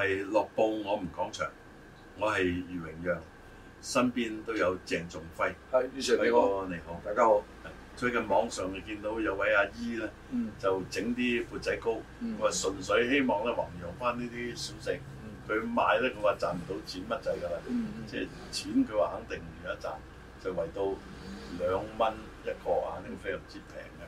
係樂報我唔講場，我係余榮陽，身邊都有鄭仲輝。係余 Sir，你好，你好，大家好。最近網上見到有位阿姨咧，就整啲缽仔糕，佢話純粹希望咧弘揚翻呢啲小食。佢買咧，佢話賺唔到錢乜滯㗎啦，即係錢佢話肯定唔一賺，就為到兩蚊一個啊，呢個非常之平嘅。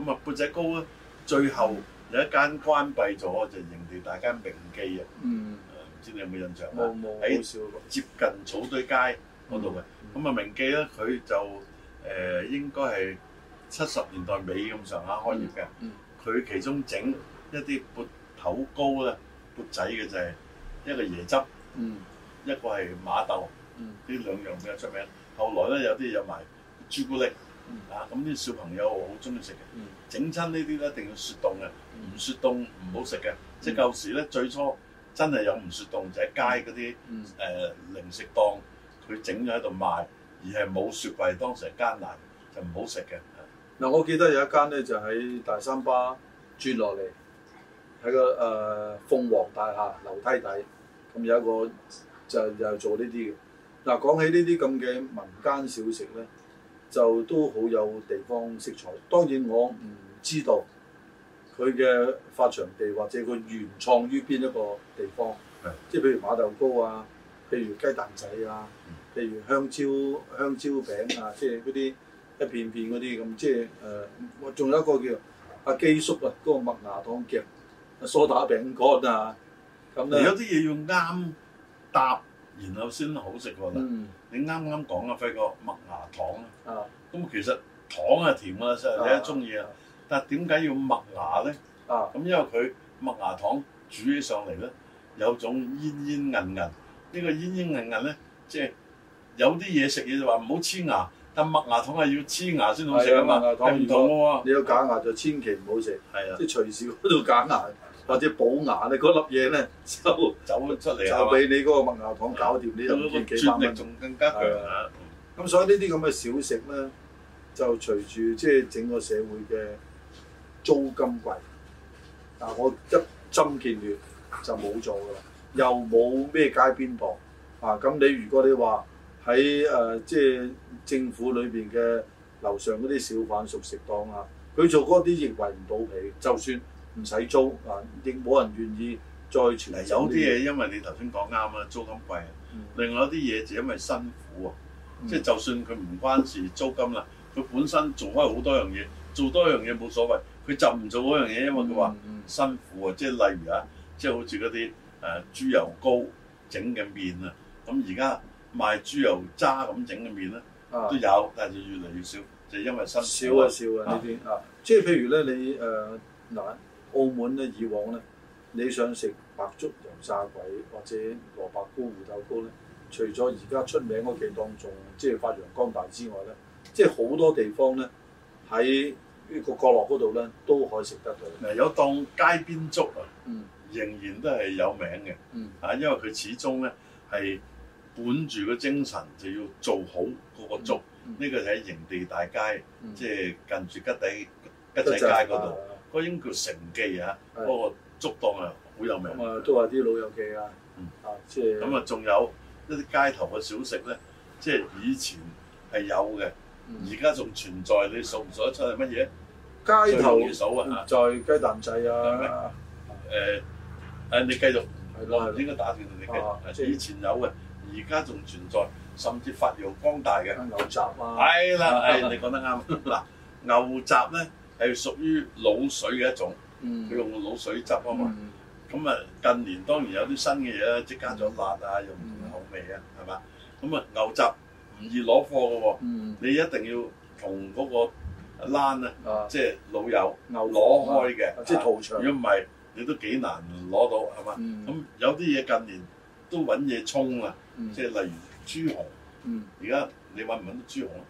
咁啊，缽仔糕咧，最後。有一間關閉咗就人、是、哋大家明記啊，唔、嗯、知你有冇印象啊？喺接近草堆街嗰度嘅。咁啊明記咧佢就誒、呃、應該係七十年代尾咁上下開業嘅，佢、嗯嗯、其中整一啲缽頭糕咧缽仔嘅就係一個椰汁，嗯、一個係馬豆，呢兩、嗯、樣比較出名。後來咧有啲有埋朱古力。嗯、啊！咁啲小朋友好中意食嘅，整親呢啲咧一定要雪凍嘅，唔雪凍唔好食嘅。嗯、即係舊時咧，最初真係有唔雪凍，就喺街嗰啲誒零食檔，佢整咗喺度賣，而係冇雪櫃，當時係艱難，就唔好食嘅。嗱、啊，我記得有一間咧就喺、是、大三巴轉落嚟，喺個誒、呃、鳳凰大廈樓，樓梯底，咁有一個就又係做呢啲嘅。嗱，講起呢啲咁嘅民間小食咧～就都好有地方色彩，當然我唔知道佢嘅發祥地或者佢原創於邊一個地方，的即係譬如馬豆糕啊，譬如雞蛋仔啊，嗯、譬如香蕉香蕉餅啊，即係嗰啲一片片嗰啲咁，即係誒，我、呃、仲有一個叫阿基叔啊，嗰個麥芽糖夾、梳打餅乾啊，咁咧有啲嘢要啱搭，然後先好食，嗯、我覺得。你啱啱講啊，輝哥，麥芽糖啊，咁其實糖啊甜啊，實係你都中意啊，但係點解要麥芽咧？啊，咁、啊、因為佢麥芽糖煮起上嚟咧，有種煙煙韌韌，呢個煙煙韌韌咧，即係有啲嘢食嘢就話唔好黐牙，但麥芽糖係要黐牙先好食啊，麥芽糖嘛，唔同喎，你要假牙就千祈唔好食，係啊的，的即係隨時度假牙。 或者補牙咧嗰粒嘢咧就走咗出嚟，就俾走你嗰個麥芽糖搞掂，啊、你又唔見幾百蚊，仲更加強。咁、啊、所以呢啲咁嘅小食咧，就隨住即係整個社會嘅租金貴，但、啊、我一針見血就冇做啦，又冇咩街邊檔。啊，咁你如果你話喺誒即係政府裏邊嘅樓上嗰啲小販熟食檔啊，佢做嗰啲認為唔到皮， 就算。唔使租啊，亦冇人願意再傳遞。有啲嘢因為你頭先講啱啊，租金貴啊。另外一啲嘢就因為辛苦啊，嗯、即係就算佢唔關事租金啦，佢本身做開好多樣嘢，做多樣嘢冇所謂。佢就唔做嗰樣嘢，因為佢話辛苦啊。即係例如啊，即係好似嗰啲誒豬油膏整嘅麵啊，咁而家賣豬油渣咁整嘅麵咧都有，啊、但就越嚟越少，就係、因為辛苦少啊少為啊呢啲啊，啊，啊。即係譬如咧，你誒嗱。呃澳門咧，以往咧，你想食白粥、油炸鬼或者蘿蔔糕、芋頭糕咧，除咗而家出名嗰幾檔，仲即係發揚光大之外咧，即係好多地方咧，喺呢個角落嗰度咧都可以食得到。嗱，有檔街邊粥啊，仍然都係有名嘅，嚇、嗯，因為佢始終咧係本住個精神，就要做好嗰個粥。呢、嗯嗯、個就喺營地大街，即係、嗯、近住吉仔吉仔街嗰度。應該叫成記啊，嗰個粥檔啊好有名。啊，都話啲老友記啊，啊即係咁啊，仲有一啲街頭嘅小食咧，即係以前係有嘅，而家仲存在，你數唔數得出係乜嘢？街頭啊？在雞蛋仔啊，誒誒，你繼續，唔應該打斷你嘅。以前有嘅，而家仲存在，甚至發揚光大嘅牛雜啊，係啦，係你講得啱。嗱牛雜咧。係屬於滷水嘅一種，佢用滷水汁啊嘛。咁啊，近年當然有啲新嘅嘢啦，即係加咗辣啊，用唔同口味啊，係嘛？咁啊，牛雜唔易攞貨嘅喎，你一定要同嗰個欄啊，即係老友牛攞開嘅，即係屠場。如果唔係，你都幾難攞到係嘛？咁有啲嘢近年都揾嘢衝啦，即係例如豬紅。而家你揾唔揾到豬紅啊？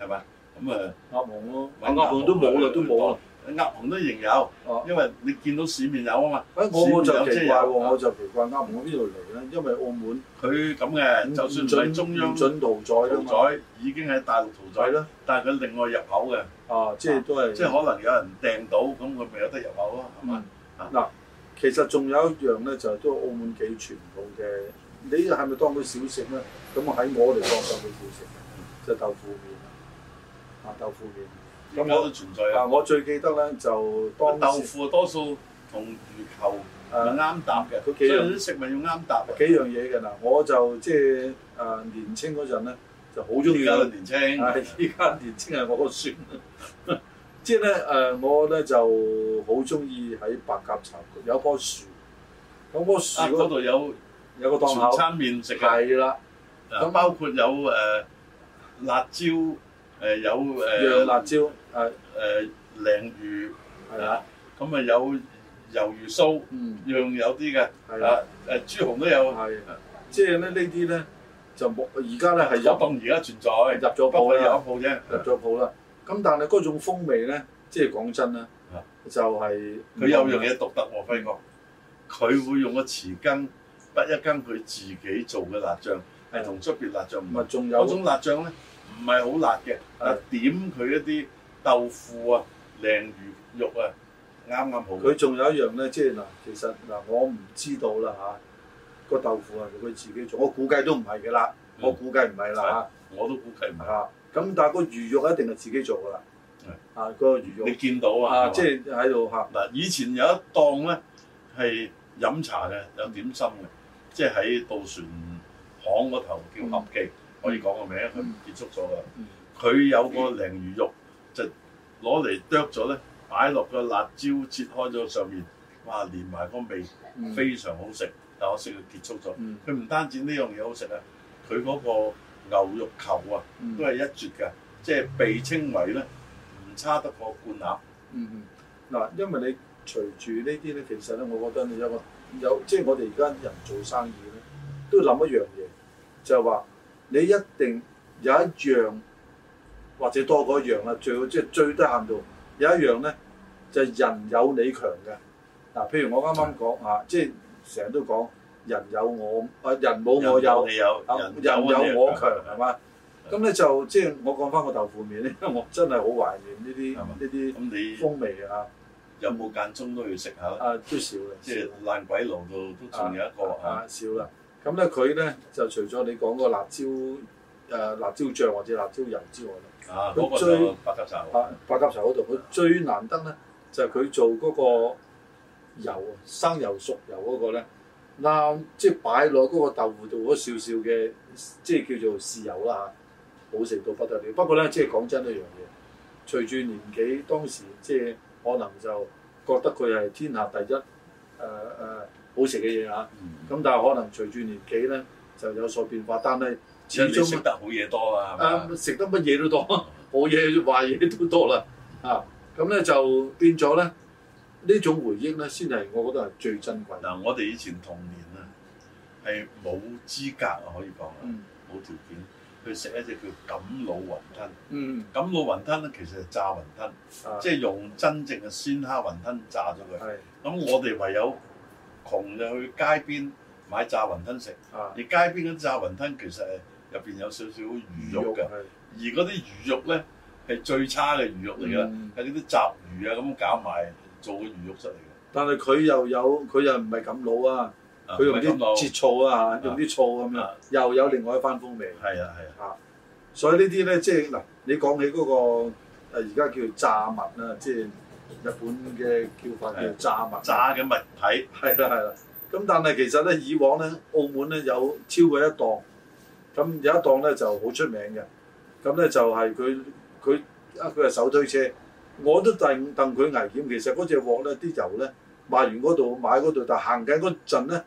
係嘛？咁誒鴨紅咯，鴨紅都冇啦，都冇啦，鴨紅都仍有，因為你見到市面有啊嘛。誒，我就奇怪喎，我就奇怪鴨紅邊度嚟咧？因為澳門佢咁嘅，就算唔係中央準屠宰啊嘛，已經喺大陸屠宰啦。但係佢另外入口嘅，啊，即係都係即係可能有人訂到，咁佢咪有得入口咯？係嘛？嗱，其實仲有一樣咧，就係都澳門幾傳統嘅，你係咪當佢小食咧？咁我喺我嚟當當佢小食即就豆腐麵。豆腐麵，咁我都存在啊！我最記得咧，就當豆腐多數同魚球誒啱搭嘅，所以啲食物要啱搭幾樣嘢嘅嗱。我就即係誒年青嗰陣咧，就好中意。依家年青，依家年青係我個孫。即係咧誒，我咧就好中意喺白鴿巢有一樖樹，嗰樖樹嗰度有有個檔餐麵食嘅係啦，咁包括有誒辣椒。誒有誒辣椒，誒誒鯪魚，係啊，咁啊有魷魚酥，樣有啲嘅，係啊，誒豬紅都有，係，即係咧呢啲咧就冇，而家咧係有檔而家存在，入咗鋪嘅有鋪啫，入咗鋪啦。咁但係嗰種風味咧，即係講真啦，就係佢有樣嘢獨特喎。輝哥，佢會用個匙羹，潑一羹佢自己做嘅辣醬，係同出邊辣醬唔同，嗰種辣醬咧。唔係好辣嘅，啊的點佢一啲豆腐啊、鯪魚肉啊，啱啱好。佢仲有一樣咧，即係嗱，其實嗱，我唔知道啦吓，個、啊、豆腐啊，佢自己做，我估計都唔係嘅啦，嗯、我估計唔係啦嚇，我都估計唔係。咁但係個魚肉一定係自己做㗎啦，的啊個魚肉你見到啊，即係喺度吓，嗱、啊，以前有一檔咧係飲茶嘅，有點心嘅，即係喺渡船巷嗰頭叫合記。嗯可以講個名，佢唔結束咗㗎。佢、嗯、有個鯪魚肉、嗯、就攞嚟剁咗咧，擺落個辣椒切開咗上面，哇！連埋個味非常好食。嗯、但我食到結束咗，佢唔、嗯、單止呢樣嘢好食啊，佢嗰個牛肉球啊，都係一絕㗎。嗯、即係被稱為咧，唔差得過罐鴨。嗯嗯，嗱，因為你隨住呢啲咧，其實咧，我覺得你有個有，即係我哋而家人做生意咧，都諗一樣嘢，就係話。你一定有一樣或者多過一樣啦，最好即係最低限度有一樣咧，就係、人有你強嘅嗱、啊。譬如我啱啱講嚇，即係成日都講人有我，啊人冇我有，人有，人有我強係嘛？咁咧吧、嗯、就即係我講翻個豆腐麵咧，因為我真係好懷念呢啲呢啲風味啊！有冇間中都要食下？啊，都少嘅，即係了爛鬼狼度都仲有一個的啊，少啦了。啊。咁咧佢咧就除咗你講嗰個辣椒誒、呃、辣椒醬或者辣椒油之外咧，啊，嗰個就白鴿巢，白鴿巢嗰度佢最難得咧就係、是、佢做嗰個油生油熟油嗰個咧，攬、嗯、即係擺落嗰個豆腐度嗰少少嘅即係叫做豉油啦嚇，好食到不得了。不過咧即係講真一樣嘢，隨住年紀當時即係可能就覺得佢係天下第一誒誒。呃呃呃好食嘅嘢嚇，咁但係可能隨住年紀咧就有所變化，但係始終食得好嘢多啊！誒，食得乜嘢都多， 好嘢壞嘢都多啦嚇。咁、啊、咧、嗯、就變咗咧，呢種回憶咧先係我覺得係最珍貴嗱、嗯。我哋以前童年啊，係冇資格可以講冇、嗯、條件去食一隻叫錦鹵雲吞。嗯，錦鹵雲吞咧其實係炸雲吞，即係、啊、用真正嘅鮮蝦雲吞炸咗佢。係咁是，的我哋唯有。窮就去街邊買炸雲吞食，而街邊嗰啲炸雲吞其實係入邊有少少魚肉㗎，而嗰啲魚肉咧係最差嘅魚肉嚟㗎，係呢啲、嗯、雜魚啊咁搞埋做個魚肉出嚟㗎。但係佢又有佢又唔係咁老啊，佢用啲切醋啊，用啲醋咁樣又有另外一番風味。係啊係啊，嚇、啊！啊、所以呢啲咧即係嗱，你講起嗰、那個而家叫炸物啊，即、就、係、是，日本嘅叫法叫炸物，炸嘅物體，係啦係啦。咁但係其實咧，以往咧，澳門咧有超過一檔，咁有一檔咧就好出名嘅。咁咧就係佢佢啊，佢係手推車，我都戥戥佢危險。其實嗰隻鑊咧啲油咧賣完嗰度買嗰度，但行緊嗰陣咧，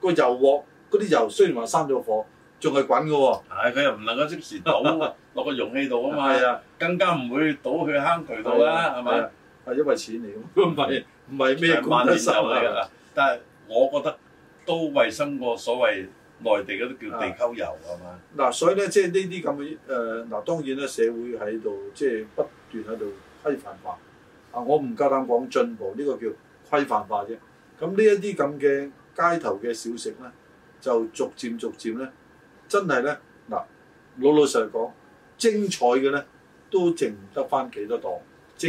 個油鑊嗰啲油雖然話生咗火，仲係滾㗎喎。係， 佢又唔能夠即時倒啊，落個容器度啊嘛，的更加唔會倒去坑渠度啦，係咪的？的係因為錢嚟，唔係唔係咩管得曬啊！3，是是但係我覺得都衞生過所謂內地嗰啲叫地溝油係嘛？嗱、嗯啊啊，所以咧，即係呢啲咁嘅誒，嗱、呃、當然咧，社會喺度即係不斷喺度規範化。啊，我唔夠膽講進步，呢、呢個叫規範化啫。咁呢一啲咁嘅街頭嘅小食咧，就逐漸逐漸咧，真係咧嗱，老老實實講，精彩嘅咧都剩得返幾多檔。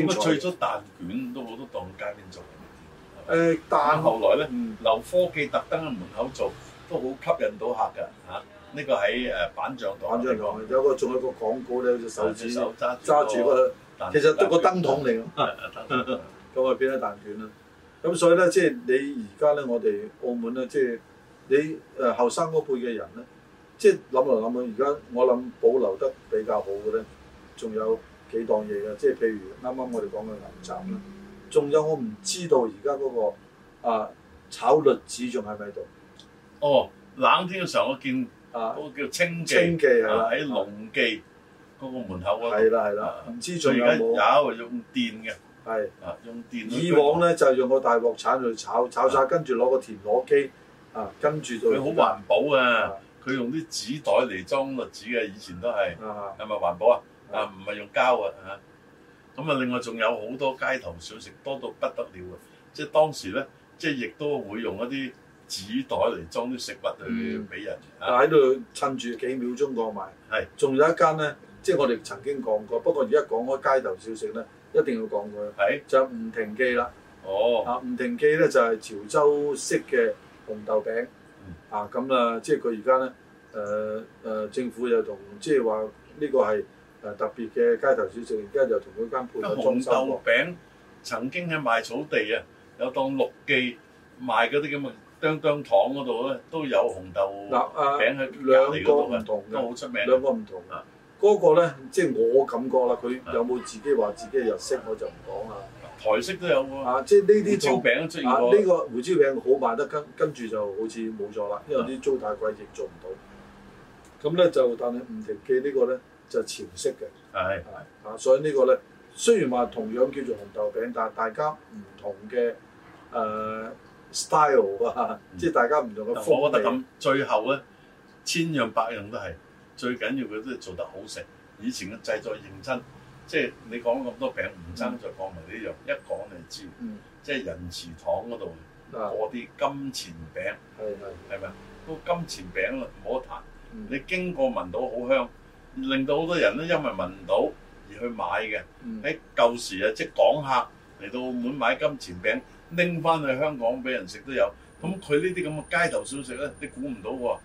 咁啊，除咗蛋卷都好多檔街邊做嘅，但後來咧，留科技特登喺門口做，都好吸引到客㗎嚇。呢個喺誒板障台。板有個仲有個廣告咧，好似手指揸揸住個，其實個燈筒嚟。咁啊，變咗蛋卷啦。咁所以咧，即係你而家咧，我哋澳門咧，即係你誒後生嗰輩嘅人咧，即係諗來諗去，而家我諗保留得比較好嘅咧，仲有。幾檔嘢嘅，即係譬如啱啱我哋講嘅牛雜啦，仲有我唔知道而家嗰個啊炒栗子仲喺咪度？哦，冷天嘅時候我見啊嗰個叫清記，清記係啦，喺龍記嗰個門口嗰度。係啦係啦，唔知仲有冇有用電嘅？係啊，用電。以往咧就用個大鑊鏟去炒，炒曬跟住攞個田螺機啊，跟住就佢好環保啊！佢用啲紙袋嚟裝栗子嘅，以前都係，係咪環保啊？啊，唔係用膠啊，嚇！咁啊，另外仲有好多街頭小食多到不得了啊！即係當時咧，即係亦都會用一啲紙袋嚟裝啲食物嚟俾人。喺度、嗯啊、趁住幾秒鐘過埋。係是。仲有一間咧，即係我哋曾經講過，不過而家講開街頭小食咧，一定要講佢。係是。就係吳亭記啦。哦。啊，吳亭記咧就係潮州式嘅紅豆餅。啊、嗯，咁啊，即係佢而家咧，誒、呃、誒，政府又同即係話呢個係。特別嘅街頭小食，而家就同嗰間鋪度裝修咯。紅豆餅曾經喺賣草地啊，有當陸記賣嗰啲咁嘅嘢？釘釘糖嗰度咧都有紅豆。嗱啊，餅喺兩個唔同嘅，好出名。兩個唔同啊，嗰個咧即係我感覺啦，佢有冇自己話自己嘅日式，啊、我就唔講啦。台式都有喎。啊，即係呢啲椒餅出呢、啊呢個胡椒餅好賣得跟，跟住就好似冇咗啦，因為啲租太貴，亦做唔到。咁咧就，但係吳廷記個呢個咧。就潮式嘅，係係的啊，所以個呢個咧，雖然話同樣叫做紅豆餅，但係大家唔同嘅誒、呃、style 啊，即係、嗯、大家唔同嘅風格。我覺得咁，最後咧，千樣百樣都係最緊要，嘅都係做得好食。以前嘅製作認真，即係你講咁多餅唔爭，再講埋呢樣，一講你就知。嗯、即係仁慈堂嗰度嗰啲金錢餅，係係係咪啊？個的金錢餅冇得彈，你經過聞到好香。令到好多人都，因為聞到而去買嘅。喺舊時啊，即係港客嚟到澳門買金錢餅，拎翻去香港俾人食都有。咁佢呢啲咁嘅街頭小食咧，你估唔到喎。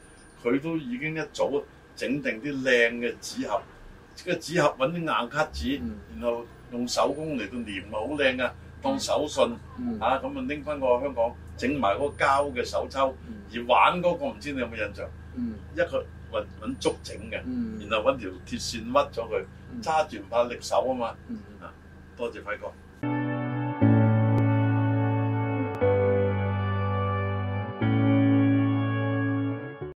佢都已經一早整定啲靚嘅紙盒，即係紙盒搵啲硬卡紙，然後用手工嚟到黏啊，好靚噶，當手信嚇咁啊拎翻過香港，整埋嗰個膠嘅手抽，而玩嗰個唔知你有冇印象？一個。揾揾竹整嘅，嗯、然後揾條鐵線屈咗佢，揸住唔怕力手啊嘛，啊、嗯、多謝輝哥。